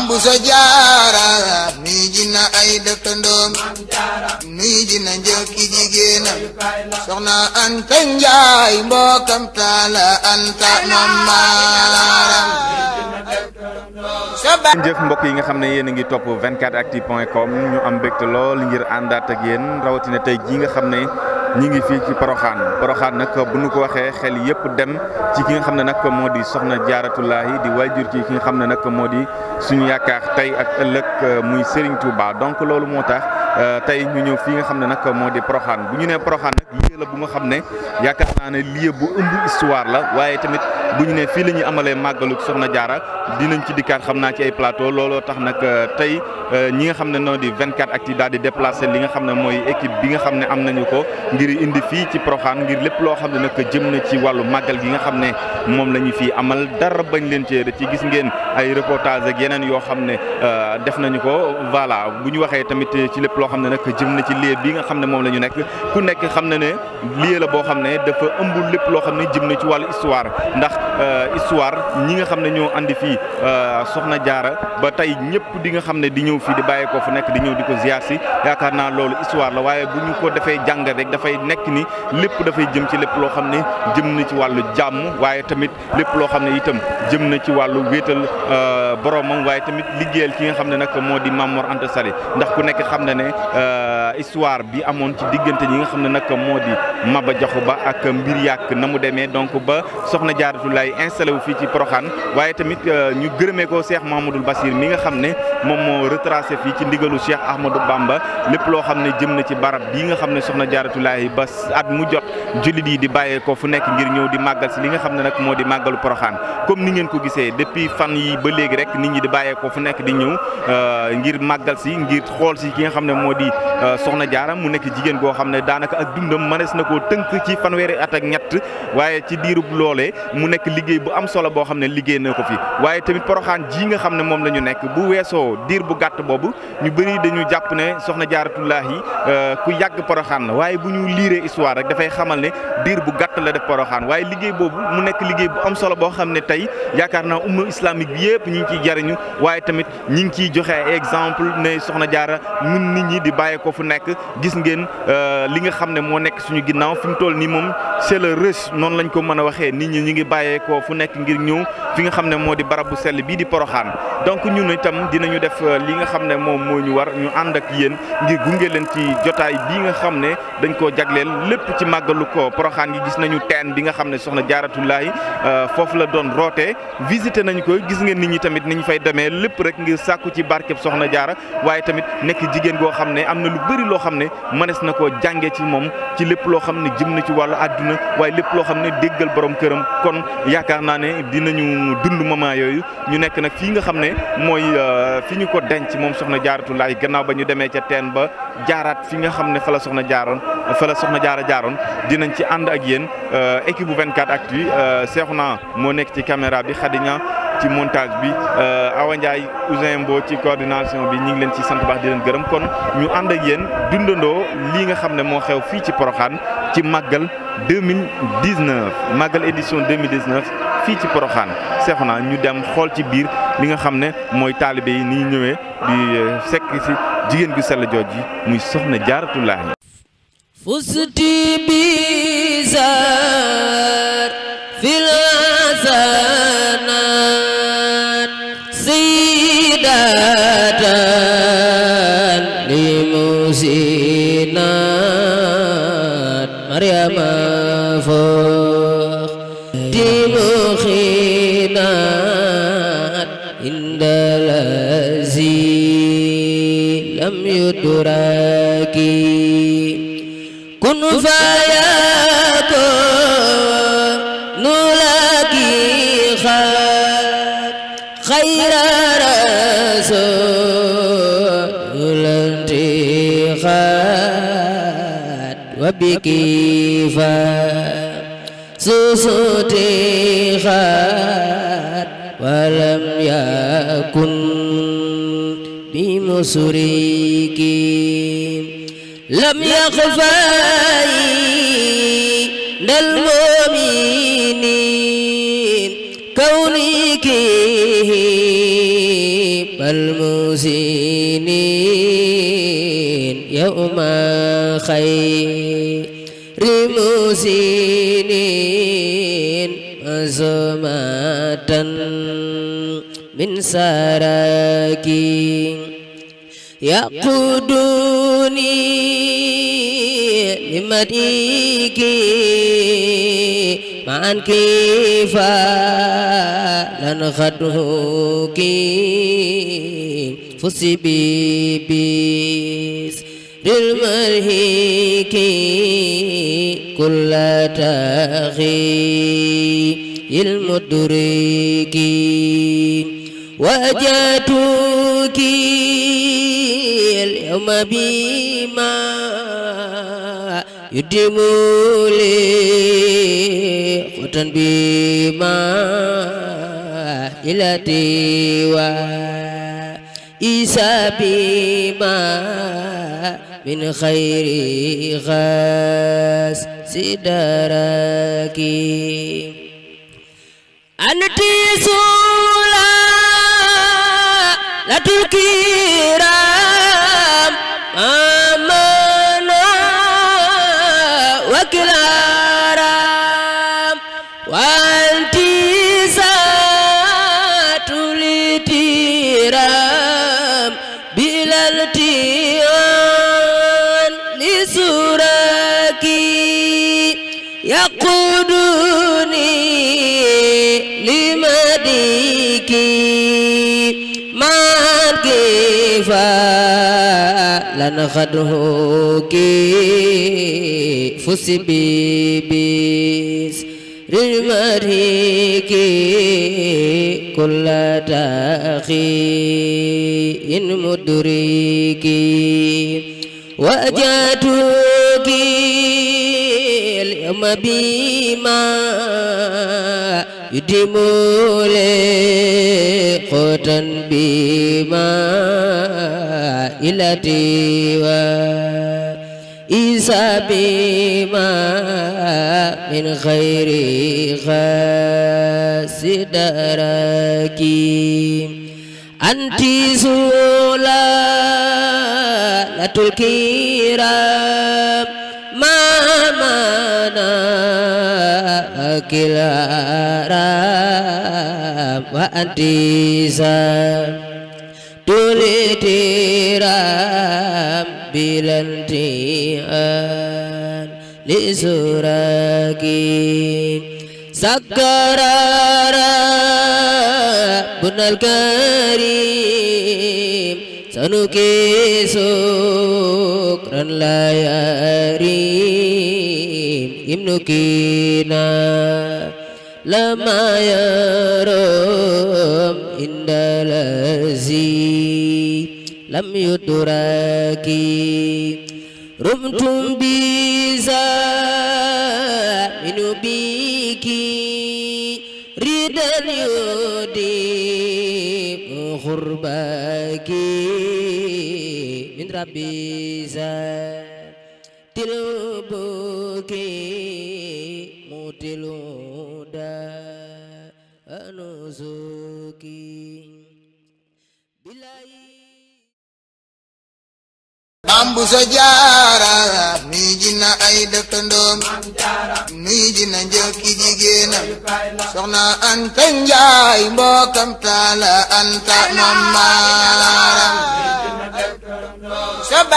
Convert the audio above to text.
maam bu sa jaara nuy ji na ay dëkkandoom nuy ji na njëkki jigéenam soxna Anta Njaay mbokkam taala Anta maam jëf mbokk yi nga xam ne yéen a ngi topp 24actu point com ñu am mbégte lool ngir àndaat ak yéen rawatina tey jii nga xam ne ñi ngi fii ci Porokhane Porokhane nag bu ñu ko waxee xel yëpp dem ci ki nga xam ne nag moo di soxna jaaratullaahi di waajur ci ki nga xam ne nag moo di suñu yaakaar tey ak ëllëg euh, muy Serigne Touba donc loolu moo tax euh, tey ñu ñëw fii nga xam ne nag moo di Porokhane bu ñu nee Porokhane nag lieu la bu nga xam ne yaakaar naa ne lieu bu ëmb histoire la waaye tamit bu ñu nee fii la ñuy amalee màggalu Soxna Jaara dinañ ci dikkaat xam naa ci ay plateau looloo tax nag euh, tey euh, ñi nga xam ne noo di vingt 24 actu daal di déplacé li nga xam ne mooy équipe bi nga xam ne am nañu ko ngir indi fii ci Porokhane ngir lépp loo xam ne nag jëm na ci wàllu màggal gi nga xam ne moom la ñu fii amal dara bañ leen ci ci gis ngeen ay reportage ak yeneen yoo xam ne euh, def nañu ko voilà bu ñu waxee tamit ci lépp loo xam ne nag jëm na ci lieu bi nga xam ne moom la ñu nekk ku nekk xam na ne lieu la boo xam ne dafa ëmbul lépp loo xam ne jëm na ci wàllu histoire Euh, histoire ñi nga xam ne ñoo andi fii euh, soxna jaara ba tey ñëpp di nga xam ne di ñëw fii di bàyyi ko fu nekk di ñëw di ko ziar si yaakaar naa loolu histoire la waaye bu ñu ko defee jàngat rek dafay nekk ni lépp dafay jëm ci lépp loo xam ne jëm na ci wàllu jàmm waaye tamit lépp loo xam ne itam jëm na ci wàllu wéetal euh, boromam waaye tamit liggéeyal ki nga xam ne nag moo di Mame Mor Anta Sali ndax ku nekk xam na ne histoire bi amoon ci diggante ñi nga xam ne nag moo di Maba Jaxu Ba ak mbir yàq na mu demee donc ba soxna Jaaratu Laay installé wu fii ci Poroxaan waaye tamit euh, ñu gërëmee ko mu Mahamadul Basir mi nga xam ne moom moo retracé fii ci ndigalu Cheikh Ahmadou Bamba lépp loo xam ne jëm na ci barab bi nga xam ne soxna Jaaratu Laay ba at mu jot jullit yi di bàyyee ko fu nekk ngir ñëw di màggal si li nga xam ne nag moo di màggalu Poroxaan comme ni ngeen ko gisee fan yi ba léegi rek nit ñi di bàyyee fu nekk di ñëw euh, ngir màggal si moo euh, soxna Diarra mu nekk jigéen goo xam ne daanaka ak dundam mënees na koo tënk ci fanweeri at ak ñett waaye ci diirub loolee mu nekk liggéey bu am solo boo xam ne na ko fi waaye tamit poroxaan ji nga xam bu diir bu gàtt ñu bëri dañu jàpp ne soxna Jaaratullaahi euh, ku yàgg la waaye bu ñu liiree histoire rek dafay xamal ne diir bu gàtt def poroxaan waaye liggéey boobu mu nekk liggéey bu am solo boo xam ne tey yaakaar naa umma islamique bi yëpp ñi ngi ciy jariñu waaye tamit ñi ngi ciy joxe ay exemple ne soxna jaara mun nit ñi di bàyyi ko fu nekk gis ngeen euh, li nga xam ne moo nekk suñu ginnaaw fi mu tool nii moom c'est le noonu lañ ko mën a waxee nit ñi ñu ngi bàyyeekoo fu nekk ngir ñëw fi nga xam ne moo di barab bu sell bii di Poroxaan donc ñun itam dinañu def euh, li nga xam ne moom moo ñu war ñu ànd ak yéen ngir gunge leen ci jotaay bii nga xam ne dañ koo jagleel lépp ci màggalu ko Poroxaan yi gis nañu teen bi nga xam ne soxna Jaaratullaahi euh, foofu la doon rootee visité nañ ko gis ngeen nit ñi tamit ni ñu fay demee lépp ngir sàkku ci barkeb soxna Jaara bëri loo xam ne mënees na koo jàngee ci moom ci lépp loo xam ne jëm na ci wàllu àdduna waaye lépp loo xam ne déggal boroom këram kon yaakaar naa ne dinañu dund moment yooyu ñu nekk nag fii nga xam ne mooy euh, fi ñu ko denc moom soxna jaaratu laay gannaaw ba ñu demee ca teen ba jaaraat fi nga xam ne fa la soxna jaaroon fa la soxna jaara jaaroon dinañ ci ànd ak yéen euh, équipe bu 24 actu yi euh, seexu naa moo nekk ci caméra bi xadiña ci montage bi euh, Awa Ndiaye Ousin Mbo ci coordination bi ñu ngi leen ci sant baax di leen gërëm kon ñu ànd ak yéen dundandoo lii nga xam ne moo xew fii ci Poroxaan ci màggal 2019 màggal édition 2019 fii ci Poroxaan seexu naa ñu dem xool ci biir li nga xam ne mooy taalibe yi ni ñëwee bi euh, sekk si jigéen gu sell jooj yi muy soxna jaaratullaahi fusti bi حسنات زيادة لمحسنات مريم فوق دمخينات عند الذي لم يدرك كن فيا ربك فسوسوتي خات ولم يكن بمسريك لم يخفي للمؤمنين كونك المزينين يوما خير مسنين مزمة من سراكي يقودني لمديك معا كفالا خدوك فسبي بي للمرهيك كل تاخي المدرك وجاتك اليوم بما يدم لي ختن بما إلى تيوا إيسى بما من خير غاس سدراكي أنت سولا لا تلكي لنغده كي فسبي بيس رمريك كل تأخي إن مدريك وأجاتك اليوم بما يدم لي قوتا بما إلتي وإيسى بما من خير خاسد راكي أنت سلالة الكرام ما منا أكل وأنت سلالة تولتيرام بلانتيان لسوراكي سكرارا بن الكريم سنوكي سكرا لا يريم يمنكينا لما يروم إن لزيم لم يدركي رمتم بزامن بك ردا يديم غربك من ربي تلبك متلودا أنزكي maam bu sa jaara nuy ji na ay dëkkandoom nuy ji na njëkki jigéenam soxna Anta Njaay mbokkam taala Anta maam